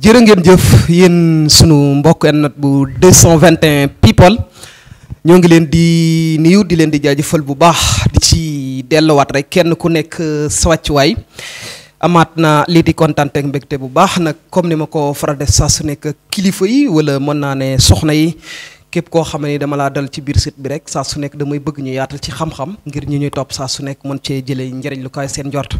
jërë ngeen jëf yéen sunu mbokk nag bu 221 people ñoo ngi leen di nuyu di leen di jaajëfal bu baax di ci delluwaat rek kenn ku nekk euh, sa waay amaat na lii di kontaan ak bu baax nag comme ni ma ko faral def saa su nekk kilifa yi wala mën naa ne soxna yi képp koo xam ne dama laa dal ci biir sit bi rek saa su nekk damay bëgg ñu yaatal ci xam-xam ngir ñu ñuy topp saa su nekk mën cee jëlee njëriñ lu kaay seen njort.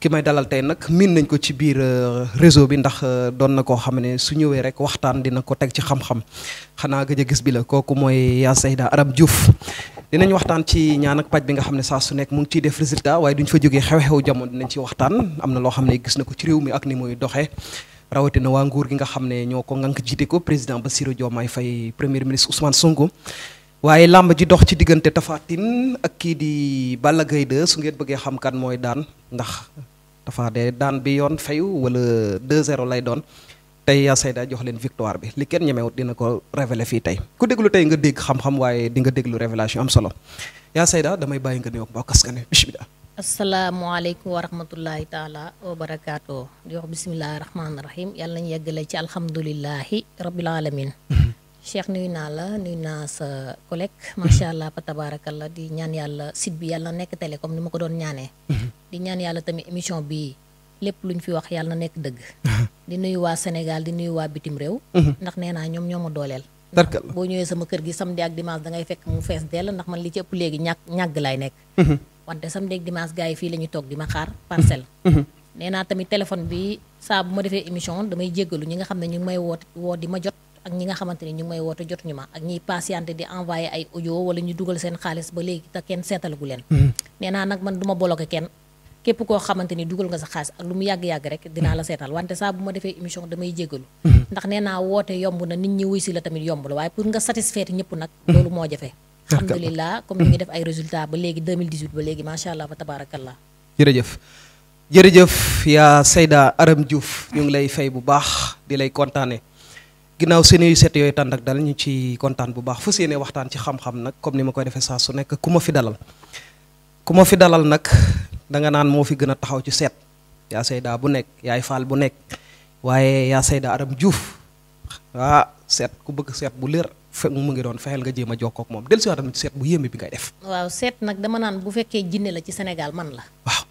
ki may dalal tey nag miin nañ ko ci biir euh, réseau bi ndax euh, doon na koo xam ne su ñëwee rek waxtaan dina ko teg ci xam-xam xanaa gëj a gis bi la kooku mooy yaa Seyda Arame Diouf dinañ waxtaan ci ñaan ak paj bi nga xam ne saa su nekk mu ngi ciy def résultat waaye duñ fa jógee xew-xew jamono dinañ ci waxtaan am na loo xam ne gis na ko ci réew mi ak ni muy doxee rawatina waa gi nga xam ne ñoo ko ngànk jiite ko président ba Bassirou Diomaye Faye premier ministre Ousmane Sonko waaye làmb ji dox ci diggante Tapha Tine ak kii di Balla Gaye 2 su ngeen bëggee xam mooy daan ndax tafaade daan bi yoon fayu wala 2-0 lay doon tey yaa Seyda jox leen victoire bi li kenn ñemewut dina ko révéler fii tey ku déglu tey nga dégg xam-xam waaye di nga déglu révélation am solo yaa Seyda damay bàyyi nga nuyoo mbokk askan wi bisimilah. asalaamaaleykum wa rahmatullahi taala wa barakaatu di wax bisimilah rahmaani rahim yàlla nañu yeggale ci alhamdulilahi rabbil alamin Cheikh nuyu naa la nuyu naa sa collègue mm-hmm. macha allah fa tabarakallah di ñaan yàlla site bi yàlla na nekk télé comme ma ko doon ñaanee. Mm-hmm. di ñaan yàlla tamit émission bi lépp luñ fi wax yàlla na nekk dëgg. Mm-hmm. di nuyu waa Sénégal di nuyu waa bitim réew. ndax nee naa ñoom ñoo ma dooleel. tarkal boo ñëwee sama kër gi samedi ak dimanche dangay fekk mu fees dell ndax man li ci ëpp léegi ñàkk ñàgg laay nekk. wante samedi ak dimanche gars yi fii la ñuy toog di ma xaar parcelle. nee naa tamit téléphone bi saa bu ma defee ak ñi nga xamante ni ñu ngi may woote jot ñu ma ak ñiy patienté di envoyé ay ojo wala ñu dugal seen xaalis ba léegi te kenn seetalagu leen mhm. neena nag man duma ma bloqué kenn képp koo xamante ni dugal nga sa xaalis ak lu mu yàgg-yàgg rek dinaa la mhm. seetal wante saa bu ma defee émission damay jégalu mhm. ndax nee naa woote yomb na nit ñi wuy si la tamit yomb la waaye pour nga satisfaire ñëpp nag loolu moo jafe alhamdulilah comme ñu ngi def ay résultat ba léegi 2018 ba léegi macha allah fa tabarakallah jërëjëf jërëjëf yaa Aram Diouf ñu ngi lay fay bu baax di lay kontaane ginnaaw seen yu set yooyu tan ak dal ñu ci kontaan bu baax fu seenee waxtaan ci xam-xam nag comme ni ma koy defee saa su nekk ku ma fi dalal ku ma fi dalal nag danga naan moo fi gën a taxaw ci seet yaa sayda bu nekk yaay faal bu nekk waaye yaa sayda aram juuf ah seet ku bëgg seet bu leer fe ngi doon fexeel nga jéem a jokkoo ak moom del si waa tamit seet bu yéeme bi ngay def waaw seet nag dama naan bu fekkee jinne la ci senegal man la waaw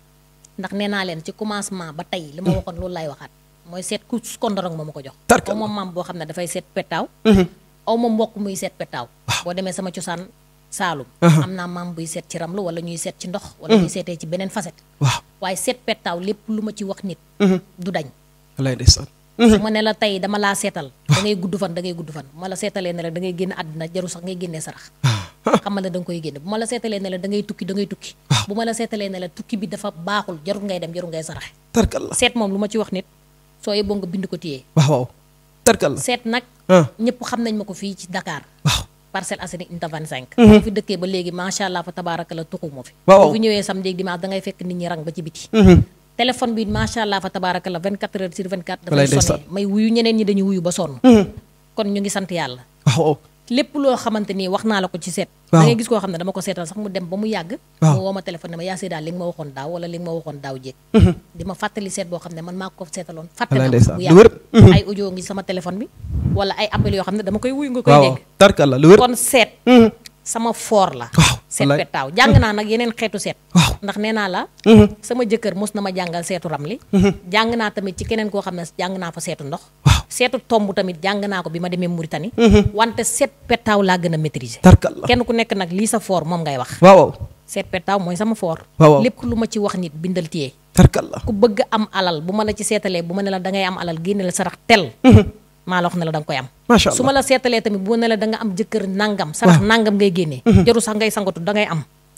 ndax nee naa leen ci commencement ba tey li ma waxoon mooy seet ku kondorong ma ma ko jox aw ma maam boo xam ne dafay seet pettaaw mm-hmm. aw ma mbokk muy seet pettaaw boo demee sama cosaan saalum uh-huh. am naa maam buy seet ci ramlu wala ñuy seet ci ndox wala ñuy mm-hmm. seetee ci beneen facette waaw waaye seet pettaaw lépp lu ma ci wax nit mm-hmm. du dañ lay des su ma ne la tey dama laa seetal da ngay gudd fan da ngay gudd fan bu ma la seetalee ne la da ngay génn àddina jaru sax ngay génnee sarax ah. xamal ne da nga koy ma la seetalee ne da ngay tukki da ngay tukki bu ma la seetalee ne tukki bi dafa baaxul jarul ngay dem ja ngay sarax tarkal seet moom lu ma ci wax nit soo yeboo nga bind ko téye. waaw waaw tarkal la seet nag. Ah. ñëpp xam nañ ma ko fii ci Dakar. waaw a Assainies unité 25. Mhm. boo fi dëkkee ba léegi macha allah fa tabaaraka la tuxu ma fi. waaw boo fi ñëwee samedi ak dimanche dangay fekk nit ñi rang ba ci biti. Mhm. téléphone bi macha allah fa tabaaraka la 24 heures sur 24. dafay sonné may wuyu ñeneen ñi dañuy wuyu ba sonn. Mhm. kon ñu ngi sant yàlla. waaw lépp loo xamante nii wax naa la ko ci seet da ngay gis koo xam ne dama ko seetal sax mu dem ba mu yàgg mu woo ma téléphone ne ma yaa see daal li nga ma waxoon daaw wala li mhm. ma fàttali seet boo xam ne man maa ko seetaloon fàttali mu yàgg mhm. ay audio ngi sama téléphone bi wala ay appel yoo xam ne dama koy wuyu nga koy dégg tarkalla lu wér kon seet mhm. sama foor la waaw seet petaaw jàng naa nag yeneen xeetu seet ndax nee naa la sama jëkkër mos na ma jàngal seetu ram li jàng naa tamit keneen koo xam ne jàng naa fa seetu ndox seetu tomb tamit jàng naa ko bi ma demee Mauritanie. Mhm. wante seet pettaaw laa gën a maîtriser. kenn ku nekk nag lii sa fort moom ngay wax. waaw seet pettaaw mooy sama fort. lépp lu ma ci wax nit bindal téye. tarkalla ku bëgg am alal bu ma la ci seetalee bu ma ne la da ngay am alal génne la sarax tel. Mhm. maa la wax ne la koy am. su ma la seetalee tamit bu ma ne la am jëkkër nangam. sarax nangam ngay génnee. Mhm. jaru sax ngay sangatu da am.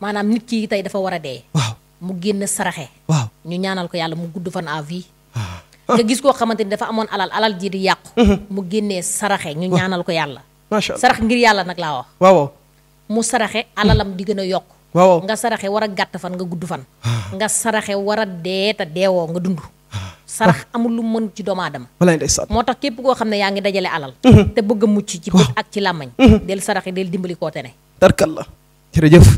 maanaam nit ki tey dafa war a dee. mu génn saraxe. waaw ñu ñaanal ko yàlla mu gudd fan à vie. Ah. nga gis koo xamante ni dafa amoon alal alal ji di yàqu. Uh-huh. mu génnee saraxe ñu ñaanal ko yàlla. macha sarax ngir yàlla nag laa wax. waaw mu saraxe alalam di gën a yokk. waaw nga saraxe war a gàtt fan nga gudd fan. Ah. nga saraxe war a dee te deewoo nga dund. Ah. sarax amul lu mën ci doomu aadama moo tax képp koo xam ne yaa ngi dajale alal. Uh-huh. te bëgg a mucc ci bët ak ci làmmañ. Uh-huh. del saraxe del dimbali koo tene. jërëjëf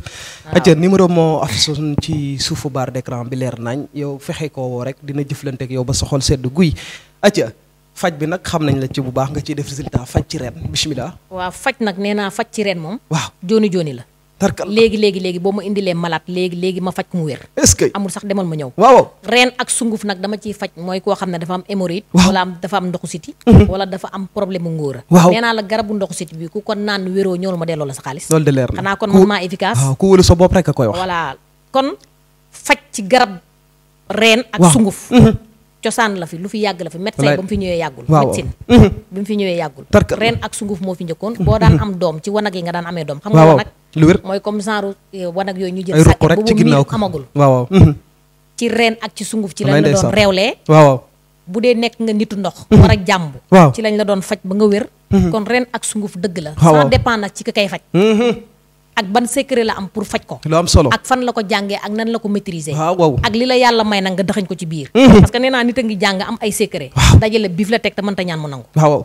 acca ah. numéro moo af suñ ci suufu baar d'écran bi leer nañ yow fexe koo woo rek dina jëflanteek yow ba soxol sedd guy acca faj bi nag xam nañ la ci bu baax nga ciy def résultat faj ci ren bismillah waa faj nag nee naa faj ci ren moom waaw jooni jooni la tarkal léegi léegi léegi boo ma indilee malaat léegi léegi ma faj mu wér est-ce que amul sax demal ma ñëw waaw reen ak sunguf nag dama ciy faj mooy koo xam ne dafa am hémorroïde wala am dafa am ndoxu siti mhm. wala dafa am problème mu ngóora waaw nee naa la garabu ndoxu siti bi ku ko naan wéroo ñëwul ma delloo la sa xaalis loolu de leer xanaa kon man maa efficace ku wóolu sa bopp rek a koy wax voilà kon faj ci garab reen ak sunguf mhm. cosaan la fi lu fi yàgg la fi médecin ba mu fi ñëwee yàggul médecine mhm. bi mu ak sunguf moo fi boo daan am doom ci wanag yi xam nga wanag lu wér mooy comme genre euh, wanag yooyu ñu jël ay ruq rek ci ginnaaw ko amagul waaw mhm. ci reen ak ci sunguf ci lañ la doon reewlee waaw bu dee nekk nga nitu ndox mhm. war a jàmb ci lañ la doon faj ba nga wér mhm. kon ren ak sunguf dëgg la ça dépend nag ci ki kay faj ak ban secret la am pour faj ko lu am solo ak fan la ko jàngee ak nan la ko maîtriser waaw ak li la yàlla may nag nga dëxañ ko ci biir parce que nee naa nit a ngi jàng am ay secret dajale biif la teg te mënta ñaan mu nangu waaw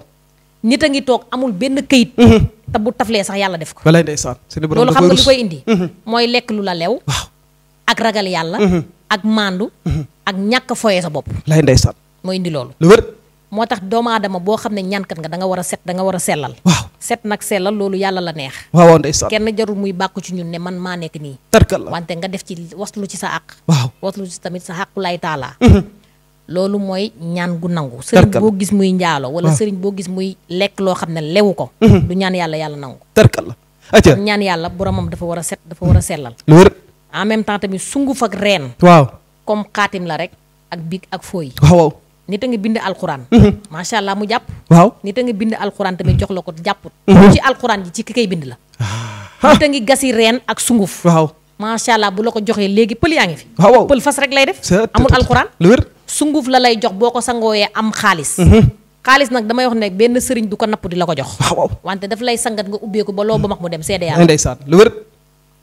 nit a ngi toog amul benn këyit. Mhm. te bu taflee sax yàlla def ko. balay ndeysaan seen borom loolu xam nga li koy indi. Mhm. mooy lekk lu la lew. ak ragal yàlla. Mhm. ak maandu. ak ñàkk foyee sa bopp. lay ndeysaan. moo indi loolu. lu wër. moo tax doomu aadama boo xam ne ñaankat nga danga war a set danga war a sellal. waaw set nag sellal loolu yàlla la neex. waaw ndeysaan kenn jarul muy bàkku ci ñun ne man maa nekk nii. tarkal la wante nga def ci waslu ci sa àq. waaw waslu ci tamit sa àqu taalaa. loolu mooy ñaan gu nangu sëriñ boo gis muy njaalo wala ah. sëriñ boo gis muy lekk loo xam ne lewu ko mhm. du ñaan yàlla yàlla nangu tarkal la ñaan yàlla boromam dafa war a set dafa war a sellal en même temps tamit sunguf reen waaw comme xaatim la rek ak big ak fooy nit a nga bind alxuraan mhm. macha allah mu jàpp waaw nit a nga bind alxuraan tamit mhm. jox la ko jàpput ci alxuraan ji ci ki la ah. nit a ngi gasi reen ak sunguf waaw macha allah bu la ko joxee léegi pël yaa ngi fi pël fas rek lay def amul alxuraan sunguf la lay jox boo ko sangooyee am xaalis. Mhm. xaalis nag damay wax nekk benn sëriñ du ko napp di la ko jox. Ah, waaw wante daf lay sangat nga ubbeeku ba loo ba max mu dem seede yàlla. ndeysaan lu wér.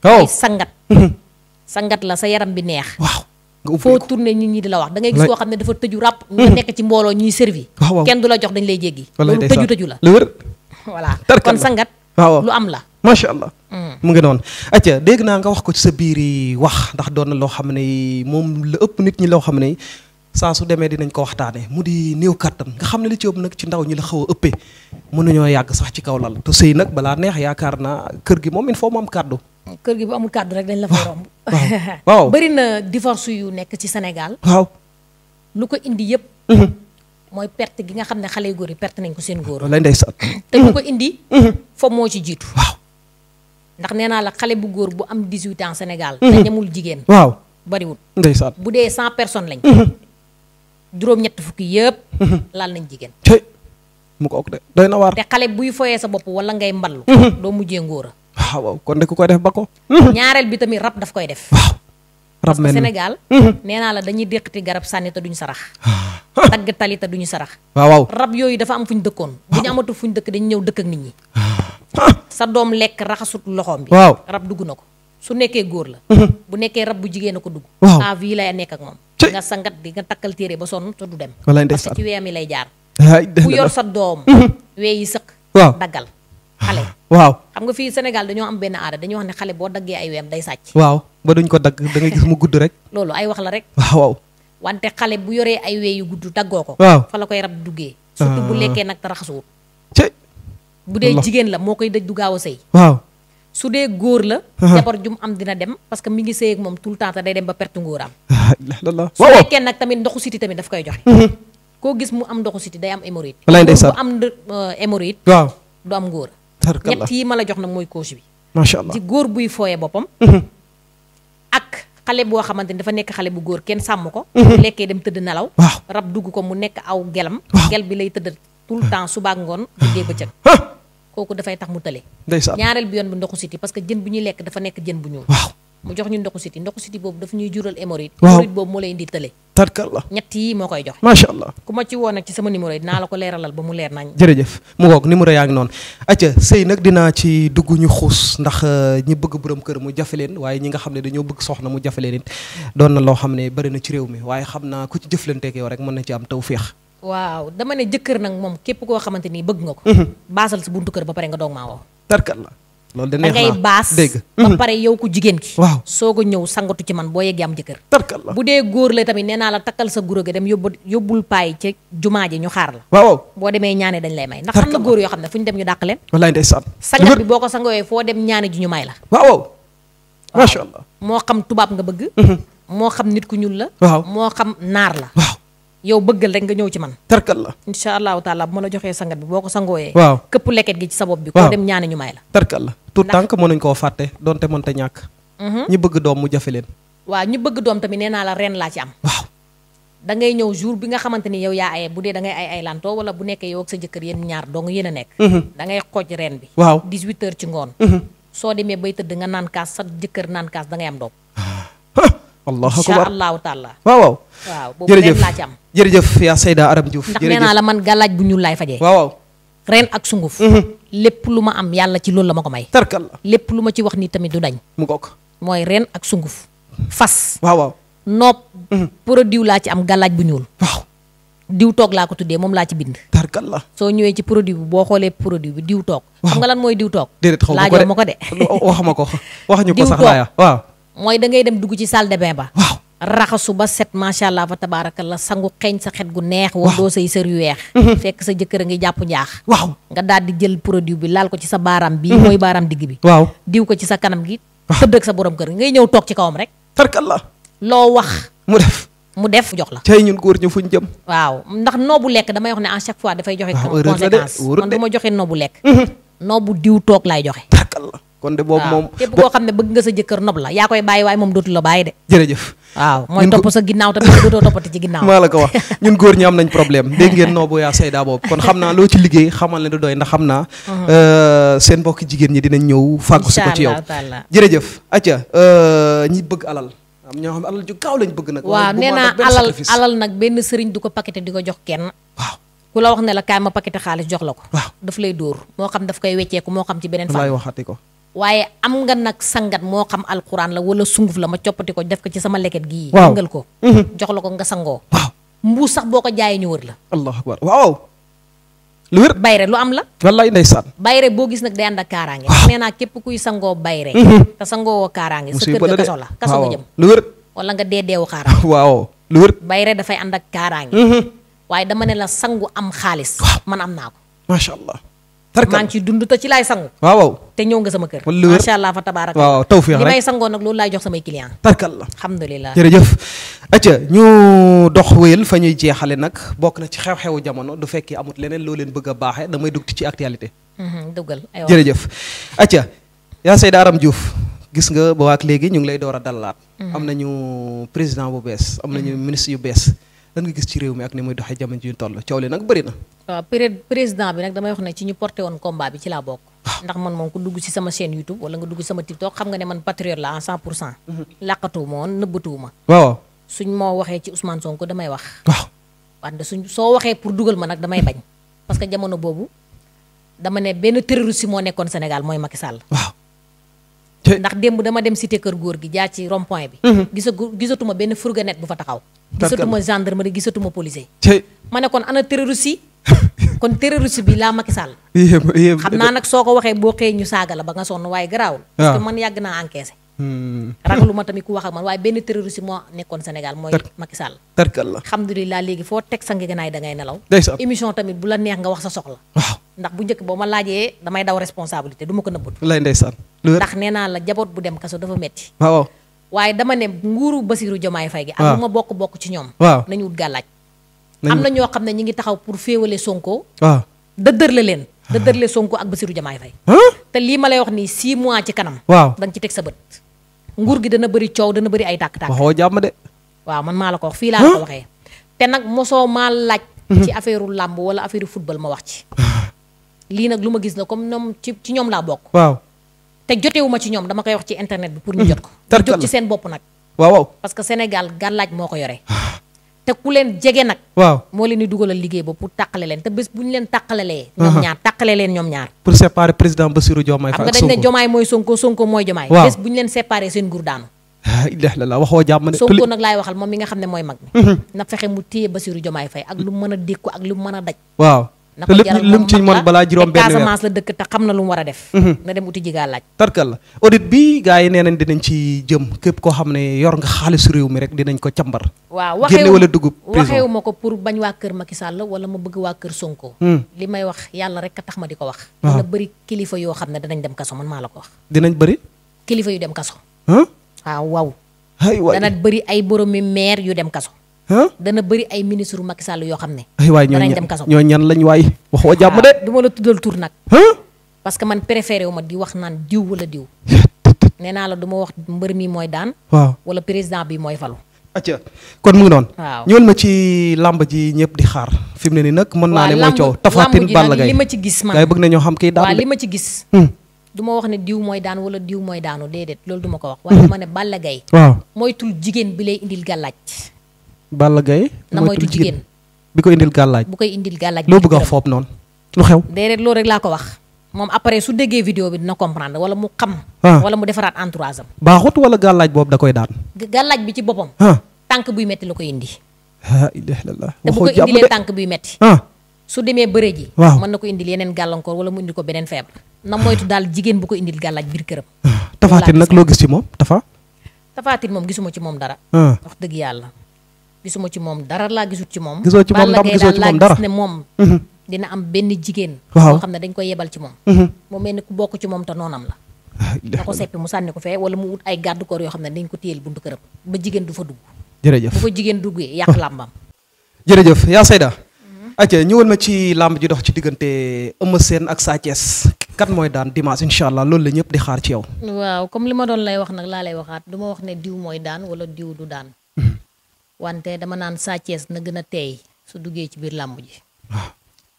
waaw oh. sangat. Mhm. sangat la sa yaram bi neex. waaw nga ubbeeku foo tourné nit ñi di la wax da ngay gis koo xam ne dafa tëju ràpp. Mhm. nga nekk ci mbooloo ñuy servi. kenn du la jox dañ lay jéggi. loolu tëju tëju la lu wér. voilà kon sangat. waaw lu am la. macha allah. Mm. mu ngi noonu. dégg naa nga wax ko ci sa biir yi wax ndax doon na loo xam ne moom la ëpp nit ñi loo xam ne saa su demee dinañ ko waxtaanee mu di néew kàttan nga xam ne li ci ëpp nag ci ndaw ñi la xaw a na mënuñoo yàgg sax ci kaw lal te sëy nag balaa neex yaakaar naa kër gi moom il foo mu am kàddu kër gi bu amul kàddu rek dañ la fa romb waaw bëri na divorce yu nekk ci Sénégal waaw lu ko indi yëpp mhm. mooy perte gi nga xam ne xale yu góor yi perte nañ ko seen góor lay ndeysaan te lu ko indi mhm. fa moo ci jiitu waaw ndax nee naa la xale bu góor bu am 18 ans Sénégal mhm. te ñemul jigéen waaw bariwul ndeysaan bu dee 100 personnes lañ juróom-ñett fukki yëpp. Mhm. laal nañ jigéen. mu ko ok de doy te xale buy fooyee sa bopp wala ngay mballu. Mhm. doo mujjee ngóora. waaw waaw kon de ku koy def ba ko. Mhm. ñaareel bi tamit rab daf koy def. waaw rab nee naa la dañuy déqati garab sànni te duñu sarax. Ah. Ah. dagg tali duñu sarax. waaw yooyu dafa am fu ñu dëkkoon. Ah. bu ñu amatu fu ñu dëkk dañu ñëw dëkk ak nit ñi. sa doom lekk raxasut loxoom bi. waaw rab dugg na ko su nekkee góor la. bu nekkee rab bu jigéen a ko dugg. waaw ah fii lay nekk ak moom. nga sangat bi nga takkal téere ba sonn te du dem. walaay ndeysaan parce que ci weyam yi lay jaar. bu yor sa doom. Mhm. weeyi sëq. waaw daggal xale. waaw xam nga fii Sénégal dañoo am benn aada dañoo wax ne xale boo daggee ay weyam day sàcc. waaw ba duñ ko dagg da gis mu gudd rek. loolu ay wax la rek. waaw wante xale bu yoree ay wey yu gudd daggoo ko. fa la koy rab duggee. surtout bu ah. lekkee nag te raxasuwut. bu dee jigéen la moo koy dëj du gaaw a sëy su dee góor la. jabar jum am dina dem parce que mi ngi sëy moom tout le temps day dem ba perte ngóoraam. waaw su kenn nag tamit ndoxu siti tamit daf koy joxe. Mhm. koo gis mu am ndoxu siti day am hémorroïde. walaay ndeysaan ku am euh, hémorroïde. waaw du am ngóor. ñett yi ma la jox nag mooy couche bi. macha allah di góor buy fooyee boppam. Mhm. ak xale boo xamante ni dafa nekk xale bu góor kenn sàmm ko. Mhm. lekkee dem tëdd nelaw. rab dugg ko mu nekk aw gelam. gel bi lay tëdd tout le temps suba ak ngoon guddee bëccëg. kooku dafay tax mu tële ñaareel bi yoon bi ndoxu siti parce que jën bu ñuy lekk dafa nekk jën bu ñuul waaw mu jox ñu ndoxu siti ndoxu siti boobu dafa ñuy jural hémorroïde hémorroïde boobu moo lay indi tële tarkalla ñett yi moo koy jox macha allah ku ma ci woo nag ci sama numéro yi dinaa la ko leeralal ba mu leer nañ jërëjëf mu ngoog numéro yaa ngi noonu acca sëy nag dinaa ci dugg ñu xuus ndax euh, ñi bëgg borom kër mu jafe leen waaye ñi nga xam ne dañoo bëgg soxna mu jafe leen it na loo xam ne bari na ci réew mi waaye naa ku ci jëflanteeg yow rek mën na ci am tawféex waaw dama ne jëkkër nag moom képp koo xamante ni bëgg nga ko. Mhm. baasal si buntu kër ba pare nga doog maa woo. tarkat la loolu de neex naa dangay baas ba mhm. pare yow ku jigéen ki. waaw soo ko ñëw sangatu ci man boo yeggee am jëkkër. tarkat la bu dee góor la tamit nee naa la takkal sa guro ga dem yóbbu yóbbul paay ca jumaa ji ñu xaar la. waaw boo demee ñaane dañ lay may. ndax am na góor yoo xam ne fu ñu dem ñu dàq leen. sangat bi boo ko sangooyee foo dem ñaane ji ñu may la. waaw macha allah moo xam tubaab nga bëgg. Mhm. moo xam nit ku ñuul la. moo xam naar la. yow bëggal rek nga ñëw ci man tarkal la incha allahu taala bu ma la joxee sangat bi boo ko sangooyee waaw këpp lekket gi ci sa bi ko dem ñaani ñu may la tarkal la tout tànk mënuñ koo fàtte doonte mënta ñàkk mhm. ñi bëgg doom mu jafe leen waaw ñi bëgg doom tamit nee la ren laa ci am waaw da ngay ñëw jour bi nga xamante ni yow yaa aye bu dee da ngay ay ay lantoo wala bu nekkee yow ak sa jëkkër yéen ñaar dong yéen a nekk mhm. da xooj reen bi waaw 18 mhm. da ngay am doom ah. allahu akbar incha jërëjëf yaa Seyda Arame Diouf ndax nee naa la man gàllaaj bu ñuul laay fajee reen ak sunguf mhm. lépp lu ma am yàlla ci loolu la ma ko may tarkal la lépp lu ma ci wax nii tamit du dañ mu ngoog mooy ren ak sunguf fas waaw waaw noob mhm. produit laa ci am gàllaaj bu ñuul waaw diw toog laa ko tuddee moom laa ci bind tarkal la soo ñëwee ci produit bi boo xoolee produit bi diw toog xam nga lan mooy diw toog déedéet xaw ma ko de laajoo ma ko wax ma ko wax ñu ko sax mooy da ngay dem dugg ci salle de ba raxasu ba set macha allah fa la sangu xeeñ sa xet gu neex. waaw woo doo say sër yu weex. Mhm. fekk sa jëkkër a ngi jàpp njaax. waaw nga daal di jël produit bi laal ko ci sa baaraam bi mhm. mooy baaraam digg bi. waaw diw ko ci sa kanam gi. tëdd ak sa borom kër ngay ñëw toog ci kawam rek. tarkalla loo wax. mu def mu def jox la. tey ñun góor ñi fuñ jëm. waaw ndax noobu lekk damay wax ne à chaque fois dafay joxe. conséquence man du ma joxe noobu lekk. Mhm. noobu diw toog laay joxe. kon de boobu moom képp koo xam ne bëgg nga sa jëkkër nob la yaa koy bàyyi waaye moom dootu la bàyyi de jërëjëf waaw mooy topp sa ginnaaw tamit dootoo toppati ci ginnaaw maa la ko wax ñun góor ñi am nañ problème dégg ngeen noobu yaa sayda boobu kon xam naa loo ci liggéey xamal ne du doy ndax xam naa uh-huh. euh, seen mbokki jigéen ñi dinañ ñëw fàggu si ko ci yow jërëjëf acca euh, ñi bëgg alal am ñoo xam alal ju gaaw lañ bëgg nag waaw nee naa alal alal nag benn sëriñ du ko paqueté di ko jox kenn waaw ku la wax ne la kaay ma paqueté xaalis jox la ko waaw daf lay dóor moo xam daf koy wecceeku moo xam ci beneen fa waxati ko waaye am nga nag sangat moo xam alxuraan la wala sunguf la ma coppati ko def ko ci sama leket gii. waaw yëngal ko. Mhm. jox la ko nga sangoo. waaw mbuus sax boo ko jaayee ñu wër la. allahu akbar waaw. lu wér bayre lu am la. wallaay bayre boo gis nag day ànd ak kaaraange. nee naa képp kuy sangoo bayre. Mhm. te sangoo woo kaaraange. la kaso nga lu wér. wala nga dee deewu kaaraange. waaw lu bayre dafay ànd ak kaaraange. Mhm. waaye dama ne la sangu am xaalis. man am naa ko. macha allah. maa ngi ciy dund te ci laay sangu waaw waaw te ñëw nga sama kër macha allah fa tabaaraka waaw tawfiix li may sangoo nag loolu laay jox samay client tarkalla alhamdulilah jërëjëf acca ñuy jeexale nag bokk na ci xew-xewu jamono du fekkee amut leneen loo leen bëgg a baaxee damay dugg ci actualité mhm, duggal aywa jërëjëf acca yaa Seyda Aram Diouf gis nga ba waak léegi ñu ngi lay door a dalaat mhm. am nañu président bu bees am ñu ministre yu bees lan nga gis ci réew mi ak ni muy doxee jamono ji ñu toll coow li nag bëri na. waaw président bi nag damay wax ne ci ñu porté woon combat bi ci laa bokk. Ah. ndax man moom ku dugg ci sama chaîne YouTube wala nga dugg sama TikTok xam nga ne man patriote la en 100 pour cent. Mm-hmm. làqatuwuma woon nëbbatuwuma. waaw suñ moo waxee ci Ousmane ko damay wax. waaw wante suñ soo waxee pour dugal ma nag damay bañ parce que jamono boobu dama ne benn terroriste moo nekkoon Sénégal mooy Macky Sall. waaw ndax démb dama dem cité kër góor gi jaar ci rond point bi. Mhm. gisagu gisatuma benn fourgonnette bu fa taxaw. gisatuma gendarmerie gisatuma policier. ma ne kon ana terroriste yi kon terroriste bi laa Macky Sall. xam naa nag soo ko waxee boo xëyee ñu saaga la ba nga sonn waaye garaawul. Ah. man yàgg naa encaissé. Hmm. ragalu ma tamit ku wax ak man waaye benn terroriste moo nekkoon Sénégal mooy Macky Sall. tarkal la alhamdulilah léegi foo teg sa ngeganaay da ngay nelaw. émission tamit bu la neex nga wax sa soxla. waaw ndax bu njëkk boo ma laajee damay daw responsabilité du ma ko nëbbatu lay ndeysaan ndax nee naa la jaboot bu dem kaso dafa metti waaw waaye dama ne nguuru basiiru Jomaay Fay gi ak ma bokk bokk ci ñoom nañu wut gàllaaj am na ñoo xam ne ñi ngi taxaw pour féewale Sonko waaw leen ah. dëddër le Sonko ak Basiru Jomaay Fay te lii ma lay wax nii six mois ci kanam waaw ci teg sa bët nguur gi dana bëri coow dana bëri ay tàkk-tàkk waxoo jàmm de waaw man maa la ko wax fii laa la waxee te nag mosoo maa laaj mhm. ci affaireu làmb wala affaireu football ma wax ci ah. lii nag lu ma gis la comme ñoom ci ñoom laa bokk. waaw te jotewu ma ci ñoom dama koy wax ci internet bi. pour ñu hmm. jot ko ñu jot ci seen bopp nag. waaw waaw parce que Sénégal gàllaaj moo ko yore. Ah. te ku leen jege nag. waaw moo leen di dugalal liggéey ba pour tàqale leen te bés bu ñu leen tàqalelee. ñoom ñaar tàqale leen ñoom ñaar. pour séparer président Bassirou Diomaye Faye ak Sonko xam nga dañ mooy Sonko Sonko mooy Diomaye. waaw bés bu ñu leen séparer seen nguur daanu. illallah waxoo jàmm ne. Sonko nag laay moom mi nga xam ne mooy mag mi. Mhm. na fexe mu téye Bassirou Diomaye Faye ak lu mu a dékku ak lu mu mën a daj. te lépp lu mu ci mën balaa juróom benn weer Casamance la dëkk te xam na lu mu war a def mhm. na dem uti jigaa laaj tarkal la audit bi gars yi nee nañ dinañ ci jëm képp koo xam ne yor nga xaalisu réew mi rek dinañ ko càmbar waaw waxee wala dugub waxeewu ma ko pour bañ waa kër ki Sall wala ma bëgg waa kër Sonko hmm. li may wax yàlla rek a tax ma di ko wax dina bëri kilifa yoo xam ne danañ dem kaso man maa la ko wax dinañ bëri kilifa yu dem kaso hmm? waaw waaw dana bëri ay boromi maire yu dem kaso dana bëri ay ministre Macky Sall yoo xam ne. waay ñooñu dem kaso ñoo ñan lañ waay wax wa jàmm de. Ah, du ma la tuddal tur nag. parce que man préféré wu ma di wax naan diw wala diw. nee naa la du ma wax mbër mi mooy daan. waaw wala président bi mooy falu. acca kon mu noonu. waaw ma ci làmb ji ñëpp di xaar fi mu ne nii nag. mën naa ne mooy coow tafaatin Balla Gaye li ma ci gis man bëgg na ñoo xam kii daan li ma ci gis. Hmm. du ma wax ne diw mooy daan wala diw mooy daanu déedéet loolu du ma ko wax. Hmm. waaye dama ne Balla Gaye. mooy tul jigéen bi lay indil gàllaaj Balla Gaye na moytu jigéen bi koy indil gàllaaj bu koy indil gàllaaj a foob noonu lu xew déedéet loolu laa ko wax moom après su déggee vidéo bi dina comprendre wala mu xam ah. wala mu defaraat entourage am baaxut wala gàllaaj boobu da koy daan gàllaaj bi ci boppam ah. tànk buy metti la koy indi la ilaha illallah te bu ko indilee tànk buy metti ah. su demee bëre ji waaw mën na ko indil yeneen gàllankoor wala mu indi ko beneen feebar na moytu daal jigéen bu ko indil gàllaaj biir këram tafaatin nag loo gis ci moom tafa tafaatin moom gisuma ci moom dara wax dëgg yàlla gisuma ci moom dara laa gisut ci moom. gisoo ci moom ndam gisoo ci moom dara gis ne moom. Mhm. dina am benn jigéen. waaw boo xam ne dañ koy yebal ci moom. Mhm. mu mel ni da ah, ko seppi mu sànni ko fee wala mu wut ay garde corps yoo xam ne dañ ko téyel buntu këram ba jigéen du fa dugg. jërëjëf bu fa jigéen duggee yàq ah. làmbam. jërëjëf yaa Seyda. Mhm. ayca ñëwal ma ci làmb ji dox ci diggante Eumeu Sène ak Sa Thiès kat mooy daan dimanche incha allah loolu la ñëpp di xaar ci yow. waaw comme li ma doon lay wax nag laa lay waxaat du ma wax ne diw mooy daan wala diw du daan. wante dama naan Sa na gën a teey su duggee ci biir làmb ji. waaw ah.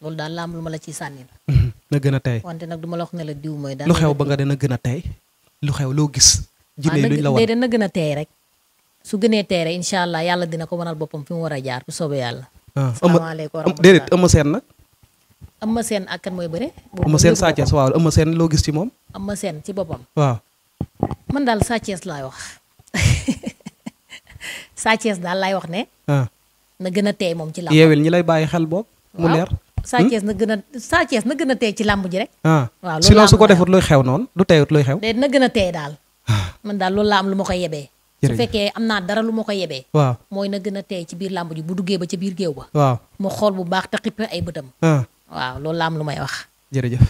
loolu daal làmb lu ma la ciy sànni la. Mhm. na gën a teey wante nag du ma la wax ne la diw mooy. daal lu xew ba nga dana gën a teey lu xew loo gis. Ah, jëlee luñ la war na gën a teey rek. su gënee teey rek incha allah yàlla dina ko mënal boppam fi mu war a jaar bu soobee yàlla. Ah. salaamaaleykum am déedéet am seen nag. am seen ak mooy bëre. am seen Sa Thiès waaw am seen loo gis ci moom. am seen ci boppam. waaw. man Sa Thiès daal laay wax ne. Ah. na gën a teey moom ci làmb. yeewil ñi lay bàyyi xel boob mu leer. Hmm? Sa Thiès na gën a na gën a teey ci làmb ji rek. Ah. waaw loolu sinon su ko defut luy xew noonu du teeyut luy xew. déedéet na gën a teey daal. Ah. man daal loolu laa am lu ma ko yebee. su fekkee am naa dara lu ma ko yebee waaw mooy na gën a teey ci biir làmb ji bu duggee ba ci biir géew ba waaw mu xool bu baax te xippe ay bëtam waaw loolu la am lu may wax jërëjëf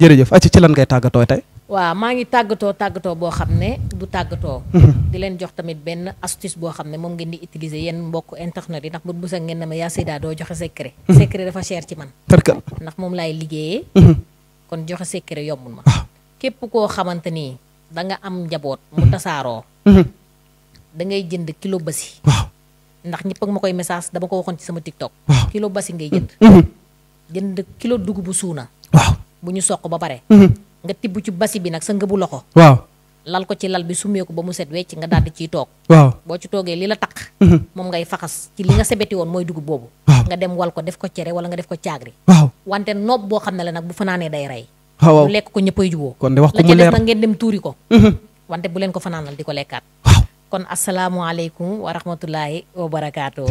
jërëjëf aci ci lan ngay tàggatoo tey waaw maa ngi tàggatoo tàggatoo boo xam ne du tàggatoo. di leen jox tamit benn astuce boo xam ne moom ngeen di utiliser yenn mbokk internet yi ndax bu bu sa ngeen ne ma yaa Seyda doo joxe secret. secret dafa cher ci man. ndax moom laay liggéeyee. kon joxe secret yombul ma. Ah. képp koo xamante ni da nga am njaboot. mu tasaaroo. da ngay jënd kilo basi. waaw ma koy message dama ko waxoon ci sama TikTok. kilo basi ngay jënd. jënd kilo dugubu suuna. bu ñu soq ba pare. nga tibb ci basi bi nag sa ngëbu loxo. waaw lal ko ci lal bi summeeku ba mu set wecc nga daal di ciy toog. waaw boo ci toogee li la taq. Mhm. moom ngay faxas ci li nga sebeti woon mooy dugub boobu. nga dem wal ko def ko cere wala nga def ko caagri. waaw wante nopp boo xam ne la nag bu fanaanee day rey. waaw lekk ko ñëppay juboo la ca def nag ngeen dem tuuri ko. Mhm. wante bu leen ko fanaanal di ko lekkaat. kon asalaamualeykum wa rahmatulahi wa barakaatu.